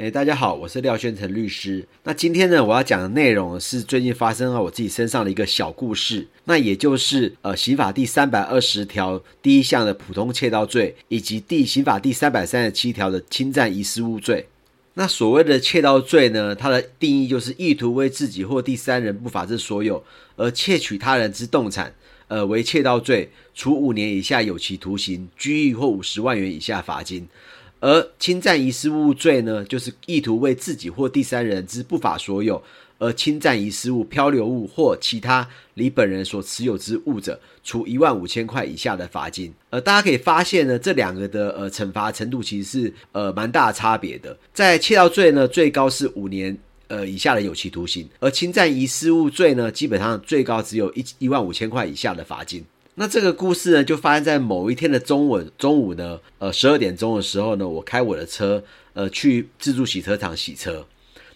哎，大家好，我是廖宣成律師。那今天呢，我要講的內容是最近發生在我自己身上的一個小故事。那也就是呃，刑法第三百二十條第一項的普通竊盜罪，以及第刑法第三百三十七條的侵占遺失物罪。那所謂的竊盜罪呢，它的定義就是意圖為自己或第三人不法之所有，而竊取他人之動產，呃，為竊盜罪，處五年以下有期徒刑、拘役或五十萬元以下罰金。而侵占遺失物罪呢，就是意圖為自己或第三人之不法所有而侵占遺失物、漂流物或其他離本人所持有之物者，處一萬五千塊以下的罰金。而，大家可以發現呢，這兩個的呃懲罰程度其實是呃蠻大的差別的。在竊盜罪呢，最高是五年呃以下的有期徒刑；而侵占遺失物罪呢，基本上最高只有一一萬五千塊以下的罰金。那這個故事呢，就發生在某一天的中午，中午呢，呃，十二點鐘的時候呢，我開我的車，呃，去自助洗車場洗車。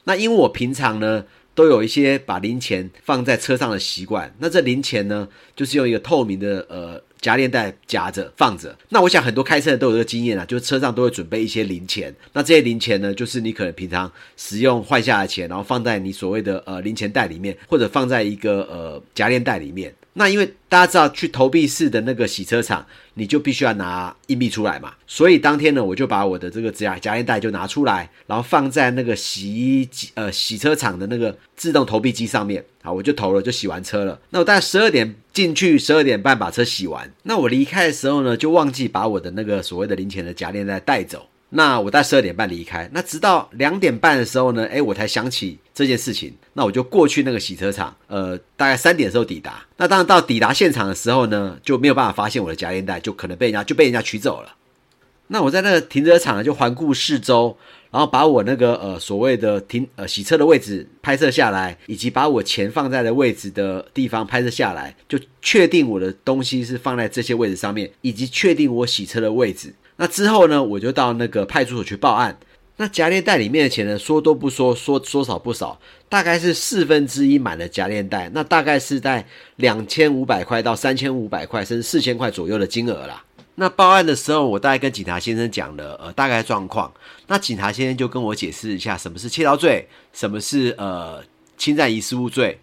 那因為我平常呢，都有一些把零錢放在車上的習慣。那這零錢呢，就是用一個透明的呃夾鏈袋夾着放着。那我想很多開車的都有這個經驗啊，就是車上都會準備一些零錢。那這些零錢呢，就是你可能平常使用換下的錢，然後放在你所謂的呃零錢袋裡面，或者放在一個呃夾鏈袋裡面。那因為大家知道去投幣式的那個洗車場，你就必須要拿硬幣出來嘛，所以當天呢，我就把我的這個甲夾鏈袋就拿出來，然後放在那個洗衣機呃洗車場的那個自動投幣機上面，好，我就投了，就洗完車了。那我大概十二點進去，十二點半把車洗完，那我離開的時候呢，就忘記把我的那個所謂的零錢的夾鏈袋帶，帶走。那我在十二點半離開，那直到兩點半的時候呢，哎、欸，我才想起這件事情，那我就過去那個洗車場，呃，大概三點的時候抵達，那當然到抵達現場的時候呢，就沒有辦法發現我的夾鏈袋，就可能被人家就被人家取走了。那我在那個停車場就環顧四周，然後把我那個呃所謂的停呃洗車的位置拍攝下來，以及把我錢放在的位置的地方拍攝下來，就確定我的東西是放在這些位置上面，以及確定我洗車的位置。那之後呢，我就到那個派出所去報案。那夾鏈袋裡面的錢呢，說多不說，說說少不少，大概是四分之一滿的夾鏈袋，那大概是在兩千五百塊到三千五百塊，甚至四千塊左右的金額啦。那報案的時候，我大概跟警察先生講了呃大概狀況，那警察先生就跟我解釋一下什麼是竊盜罪，什麼是呃侵占遺失物罪，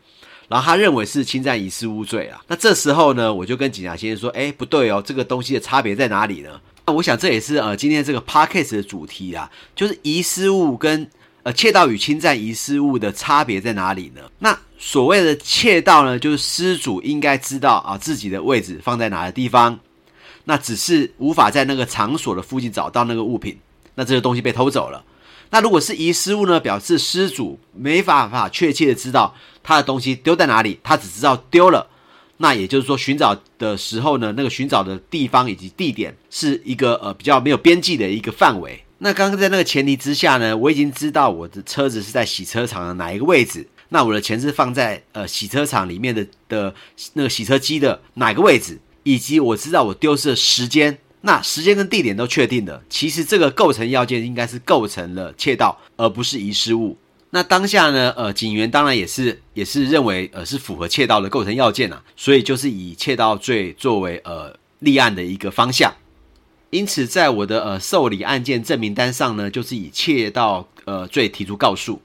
然後他認為是侵占遺失物罪啊。那這時候呢，我就跟警察先生說，哎，不對哦，這個東西的差別在哪裡呢？那我想這也是呃今天這個 podcast 的主題啊，就是遺失物跟呃竊盜與侵占遺失物的差別在哪裡呢？那所謂的竊盜呢，就是失主應該知道啊、呃、自己的位置放在哪個地方。那只是無法在那個場所的附近找到那個物品，那這個東西被偷走了。那如果是遺失物呢？表示失主沒辦法確切的知道他的東西丟在哪裡，他只知道丟了。那也就是說，尋找的時候呢，那個尋找的地方以及地點是一個呃比較沒有邊際的一個範圍。那剛剛在那個前提之下呢，我已經知道我的車子是在洗車場的哪一個位置，那我的錢是放在呃洗車場裡面的的那個洗車機的哪個位置，以及我知道我丟失的時間，那時間跟地點都確定的，其實這個構成要件應該是構成了竊盜，而不是遺失物。那當下呢，呃，警員當然也是也是認為呃是符合竊盜的構成要件啊，所以就是以竊盜罪作為呃立案的一個方向。因此，在我的呃受理案件證明單上呢，就是以竊盜呃罪提出告訴。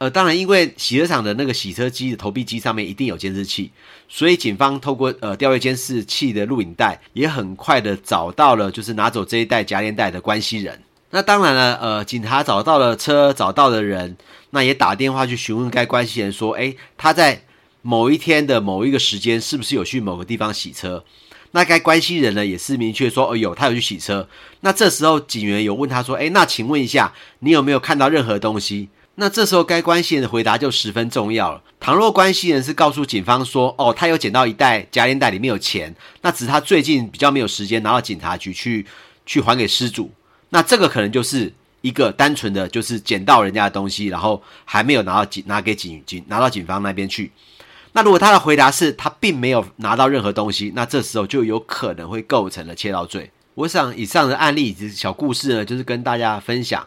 呃，當然，因為洗車場的那個洗車機的投幣機上面一定有監視器，所以警方透過呃調閱監視器的錄影帶，也很快的找到了就是拿走這一袋夾鏈袋的關係人。那當然了，呃，警察找到了車，找到的人，那也打電話去詢問該關係人說：“哎、欸，他在某一天的某一個時間，是不是有去某個地方洗車？”那該關係人呢，也是明確說：“哦、呃，有，他有去洗車。”那這時候警員有問他說：“哎、欸，那請問一下，你有沒有看到任何東西？”那這時候，該關係人的回答就十分重要了。倘若關係人是告訴警方說：“哦，他有撿到一袋夾鏈袋，裡面有錢，那只是他最近比較沒有時間拿到警察局去，去還給失主。”那這個可能就是一個單純的，就是撿到人家的東西，然後還沒有拿到警，拿給警，拿到警方那邊去。那如果他的回答是他並沒有拿到任何東西，那這時候就有可能會構成了竊盜罪。我想，以上的案例以及小故事呢，就是跟大家分享。